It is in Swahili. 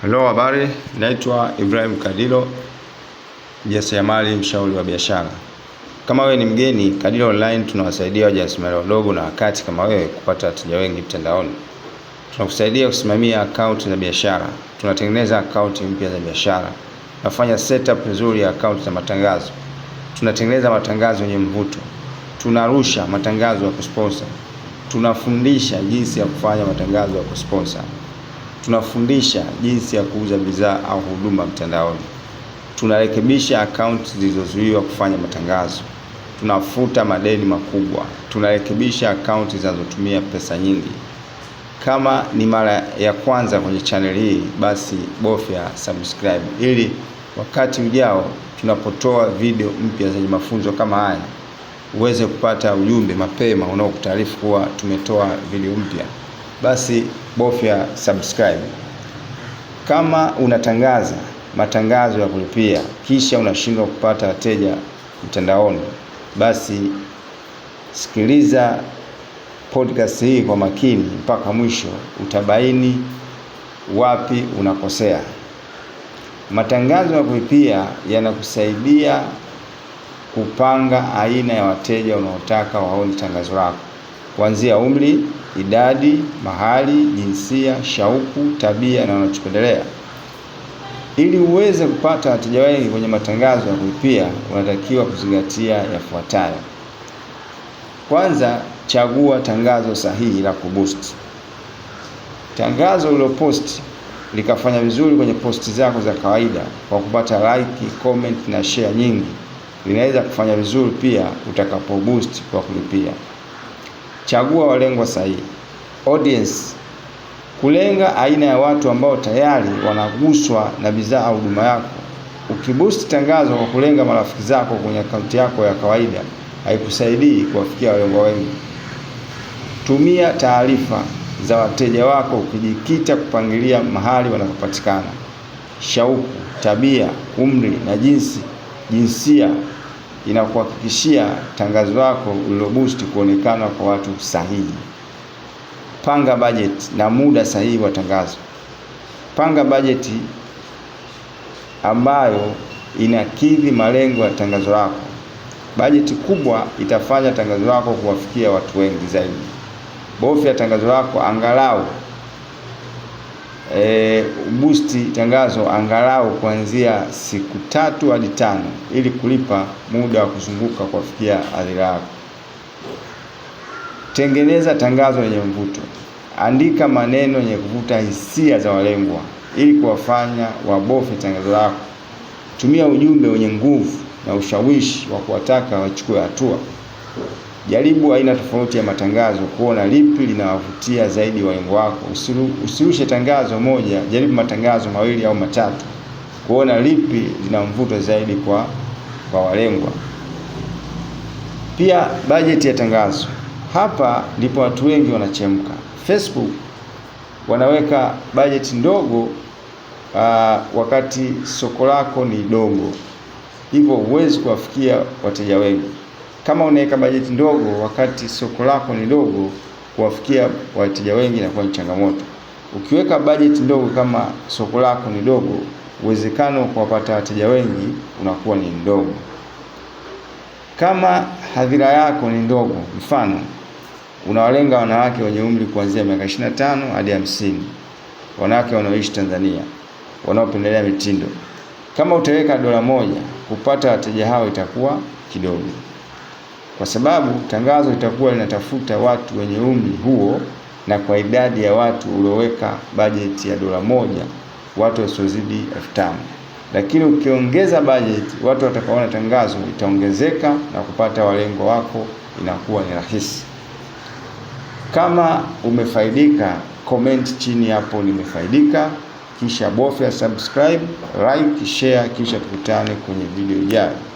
Hello, habari. Naitwa Ibrahim Kadilo, mjasiriamali, mshauri wa biashara. Kama wewe ni mgeni, Kadilo Online tunawasaidia wajasiriamali wadogo na wakati kama wewe kupata wateja wengi mtandaoni. Tunakusaidia kusimamia akaunti za biashara, tunatengeneza akaunti mpya za biashara, tunafanya setup nzuri ya akaunti za matangazo, tunatengeneza matangazo yenye mvuto, tunarusha matangazo ya kusponsor, tunafundisha jinsi ya kufanya matangazo ya kusponsor tunafundisha jinsi ya kuuza bidhaa au huduma mtandaoni, tunarekebisha akaunti zilizozuiwa kufanya matangazo, tunafuta madeni makubwa, tunarekebisha akaunti zinazotumia pesa nyingi. Kama ni mara ya kwanza kwenye channel hii, basi bofya subscribe ili wakati ujao tunapotoa video mpya zenye mafunzo kama haya uweze kupata ujumbe mapema unaokutaarifu kuwa tumetoa video mpya basi bofya subscribe. Kama unatangaza matangazo ya kulipia kisha unashindwa kupata wateja mtandaoni, basi sikiliza podcast hii kwa makini mpaka mwisho, utabaini wapi unakosea. Matangazo ya kulipia yanakusaidia kupanga aina ya wateja unaotaka waone tangazo lako kuanzia umri idadi, mahali, jinsia, shauku, tabia na wanachopendelea. Ili uweze kupata wateja wengi kwenye matangazo ya kulipia, unatakiwa kuzingatia yafuatayo. Kwanza, chagua tangazo sahihi la kuboost. Tangazo liloposti likafanya vizuri kwenye posti zako za kawaida kwa kupata like, comment na share nyingi, linaweza kufanya vizuri pia utakapo boost kwa kulipia chagua walengwa sahihi. Audience, kulenga aina ya watu ambao tayari wanaguswa na bidhaa au huduma yako. Ukibusti tangazo kwa kulenga marafiki zako kwenye akaunti yako ya kawaida haikusaidii kuwafikia walengwa wengi. Tumia taarifa za wateja wako ukijikita kupangilia mahali wanapopatikana, shauku, tabia, umri na jinsi jinsia inakuhakikishia tangazo lako uliloboost kuonekana kwa watu sahihi. Panga bajeti na muda sahihi wa tangazo. Panga bajeti ambayo inakidhi malengo ya tangazo lako. Bajeti kubwa itafanya tangazo lako kuwafikia watu wengi zaidi. Bofya tangazo lako angalau e, busti tangazo angalau kuanzia siku tatu hadi tano ili kulipa muda wa kuzunguka kuwafikia hadhira yako. Tengeneza tangazo lenye mvuto. Andika maneno yenye kuvuta hisia za walengwa ili kuwafanya wabofe tangazo lako. Tumia ujumbe wenye nguvu na ushawishi wa kuwataka wachukue hatua. Jaribu aina tofauti ya matangazo kuona lipi linawavutia zaidi walengwa wako. Usirushe tangazo moja, jaribu matangazo mawili au matatu kuona lipi lina mvuto zaidi kwa, kwa walengwa. Pia bajeti ya tangazo, hapa ndipo watu wengi wanachemka. Facebook wanaweka bajeti ndogo uh, wakati soko lako ni dogo, hivyo huwezi kuwafikia wateja wengi. Kama unaweka bajeti ndogo wakati soko lako ni dogo, kuwafikia wateja wengi inakuwa ni changamoto. Ukiweka bajeti ndogo kama soko lako ni dogo, uwezekano wa kuwapata wateja wengi unakuwa ni ndogo. Kama hadhira yako ni ndogo, mfano unawalenga wanawake wenye umri kuanzia miaka 25 hadi 50, wanawake wanaoishi Tanzania, wanaopendelea mitindo. Kama utaweka dola moja, kupata wateja hao itakuwa kidogo kwa sababu tangazo litakuwa linatafuta watu wenye umri huo na kwa idadi ya watu ulioweka bajeti ya dola moja, watu wasiozidi elfu tano. Lakini ukiongeza bajeti, watu watakaona tangazo itaongezeka na kupata walengo wako inakuwa ni rahisi. Kama umefaidika, comment chini hapo nimefaidika, kisha bofya subscribe, like, share, kisha tukutane kwenye video ijayo.